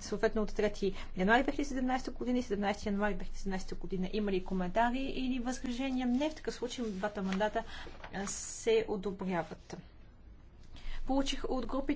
съответно от 3 януари 2017 година и 17 януари 2017 година. Има ли коментари или възражения? Не, в такъв случай двата мандата се одобряват. Получих от групи.